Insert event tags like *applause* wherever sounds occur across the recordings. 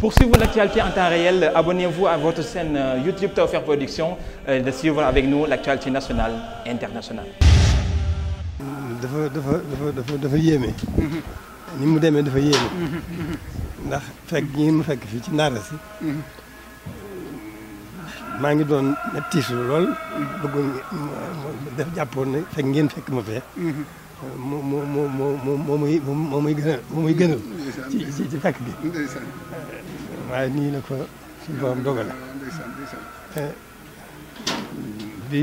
Pour suivre l'actualité en temps réel, abonnez-vous à votre chaîne euh, YouTube Tawfekh Production euh, et de suivre avec nous l'actualité nationale et internationale. dafa dafa dafa dafa yéeme. Mhm. ni mu demee dafa yéeme. Mhm. ndax fekk ñi mu fekk fii ci Ndara si. Mhm. maa ngi doon tiisu lool. bëggoon def jàppoon ne fekk ngeen fekk ma fee. moo moo moo moo moo muy moo muy gënal moo muy gënal. ci ci ci fekk gi. waaye nii la ko suñu borom dogal. bi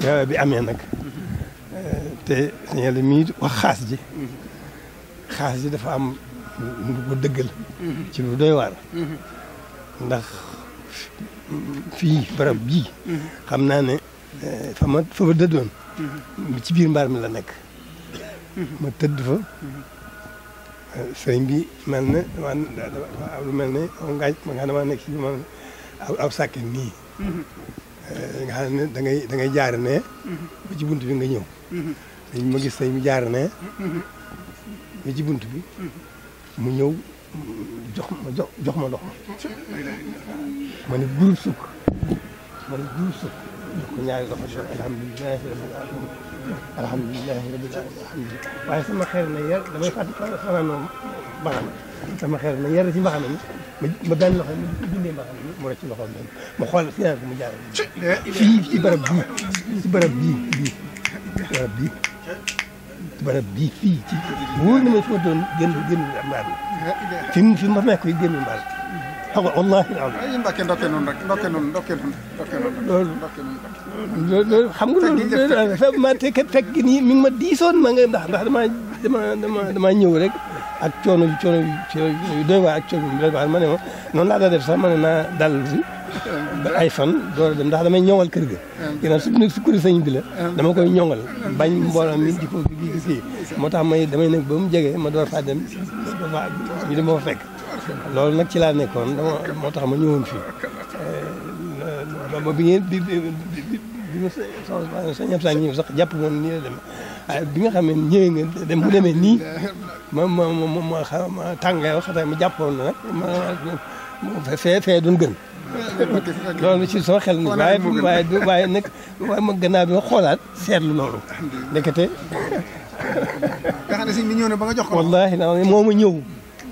teewaay bi amee nag. te sëñ Yàlla mii wax xaas ji. xaas ji dafa am lu ko dëggal. ci lu doy waar. ndax fii barab bii. xam naa ne eh, fa ma fa ma dëddoon. ci biir mbaar mi la nekk. ma tëdd fa. sëñ bi mel ne lu mel ne ngaañ ma nga ne damaa nekk ci ma aw sàkket nii. Eh, nga ne da ngay da ngay jaar ne. ba ci bunt bi nga ñëw. sëñ ma gis sëñ bi jaar ne. ba ci bunt bi. mu ñëw jox ma jox ma ndox gurub sukk ma gurub sukk. ñaari loxo di alhamdulilah rabbil alamin alhamdulilah waaye sama xel na yar damay sama xel na yar ci mbaxana mi ma ma benn loxo ma di dundee mbaxana mi mu rëcc loxoom benn ma xool si ko mu jaar fii ci barab bii ci barab fii ma foo doon génn génn mi fi wallahi ay Mbacke ndokke noonu rek ndokke noonu ndokke noonu ndokke noonu loolu ndokke nga loolu fekk ma te nii mi ma diisoon ma nga ndax ndax dama dama dama ñëw rek ak coono yu coono yu coono yu doy waa ak coono yu ma ne ma noonu ma ne dal si ba ay fan door dem ndax damay ñoŋal kër ga ginnaaw su nekk sukkuri sëñ bi la dama koy ñoŋal bañ mbooloo mi di ko moo tax may damay nekk ba mu jege ma door faa dem ñu dem ma fa loolu nag ci laa nekkoon moo tax ma ñëwoon fii ba eh, bi ngeen bi bi ma sañ am sañ ñëw sax jàpp moon nii la demee waaye ah, bi nga xam ne ñëwee nga dem mu demee nii ma ma ma ma xa ma tàngaayoo xataay ma jàppoon na nag ma fee fee doon gën. loolu ci soo xel ni waaye waaye du waaye nag waaye ma gannaaw bi ma xoolaat seetlu loolu ndekete nga xam ne si ñëw na ba nga jox ko wallaahi naa moo ma ñëw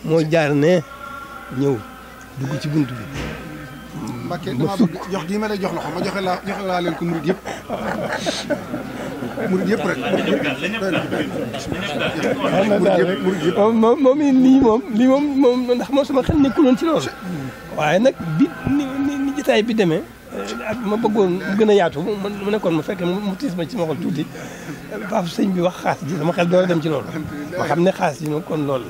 moo jaar ne ñëw dugg ci bunt bi. Mbacke damaa jox gii ma lay jox loxo ma joxe laa joxe laa leen ko murid yëpp murid yëpp rek. murid yëpp moom moom lii moom lii moom moom ndax moom sama xel nekkuloon ci loolu. waaye nag bi ni ni jotaay bi demee. Ah, ma bëggoon mu gën a yaatu mu nekkoon ma fekk mu tiis ma ci ma xol tuuti faaf sëñ bi wax xaas ji sama xel door a dem ci loolu ma xam ne xaas ji moom kon loolu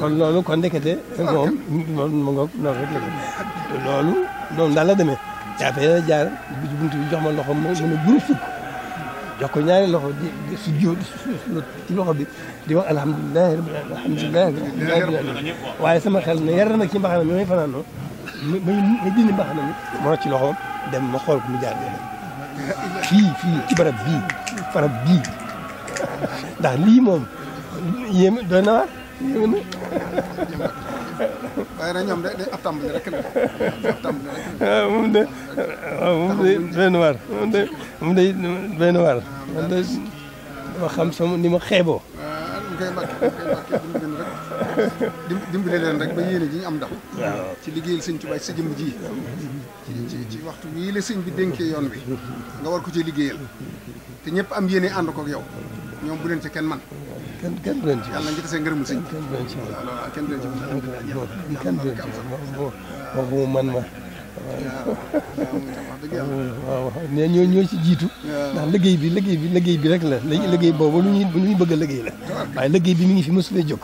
kon loolu kon ndekete moom loolu ma ngoog loolu rek la loolu noonu daal la demee jaafee jaar bi ci buntu jox ma loxo ma mën guru sukk jox ko ñaari loxo di di su jiw ci loxo bi di wax alhamdulilah alhamdulilah waaye sama xel ne yar na ci mbaxana mi may fanaanoo ma ma ma dindi mbaxana mi moo ci loxoom dem ma xool ko mu jaar dem fii fii ci barab bii barab bii ndax lii moom yéeme doy na waar yéeme na. waaye nag ñoom day ab tàmbali rek la ab tàmbali rek la. waaw ah, moom de waaw ah, moom de doy na waar moom de moom de doy na waar man de ma xam sama ni ma xeeboo. Ah. ñu koy mbàkke ñu koy mbàkke dimbali leen rek dimbali leen rek ba yéene ji ñu am ndax ci liggéeyal sëñ Tuubaa sa jëmm ji ci ci waxtu wii la sëñ bi dénkee yoon bi nga war ko ci liggéeyal te ñëpp am yéene ànd ko ak yow ñoom bu leen ci kenn man kenn kenn du leen ci yàlla nga gisee ngërëmul sëñ kenn du leen ci kenn du leen ci kenn du leen ci man ma waaw ne ñoo ñoo ci jiitu ndax liggéey bi liggéey bi liggéey bi rek la liggéey boobu lu ñuy lu bëgg liggéey la waaye bi mi ngi fi mosulee jóg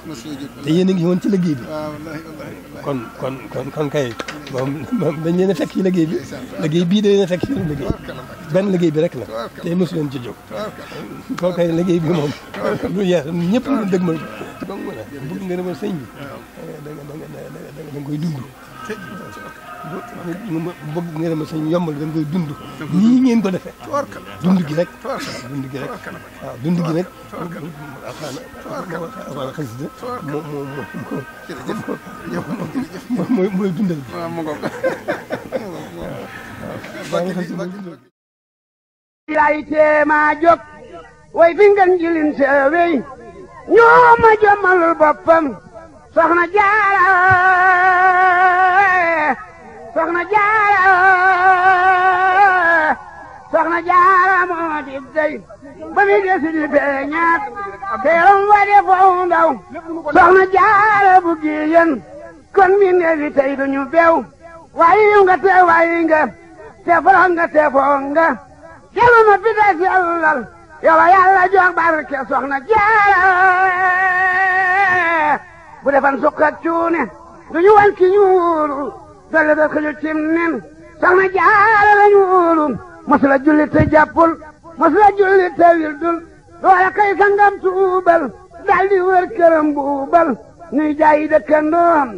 te yéen a ngi woon ci liggéey bi kon kon kon kon kay moom moom dañ leen a fekk ci liggéey bii da leen benn liggéey bi rek la te mosu leen ci jóg kon kay liggéey bi moom lu *laughs* yees ñëpp lu dëgg ma bëgg nga demal sëñ koy dund bëgg ngërëmal sëñ yombal dañ koy dund nii ngeen ko defee dund gi rek dund gi rek waaw dund gi nag alxaana xasida moo moo moo mooy mooy dundal bi lay teemaa jóg way fi ngeen jilin seewey ñoo ma jommalul boppam soxna jaara soxna jaara soxna jaara moo di dey ba mi des di feeñaat teeram wa de foo ndaw soxna jaara bu giyen kon mi neefi tey duñu beew waaye nga te waaye nga te foro nga te foo nga delu ma fi des yàllal yow yàlla jox barke jaara bu defan sukkat cuune duñu wan ki ñuuru dolle da xëjul cim nen soxna jaara lañu wóolu masula julli te jàppul masula julli te wildul loola kay sangam tuubal daal di wër këram buubal nuy jaayi dëkkandoom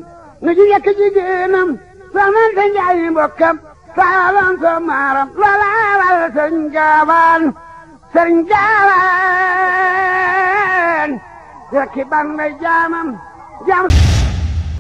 nu ji yekk jigéenam soxnante njaayi mbokkam saaloon so maaram loola wal sëriñ jaabaan sëriñ jaabaan rekki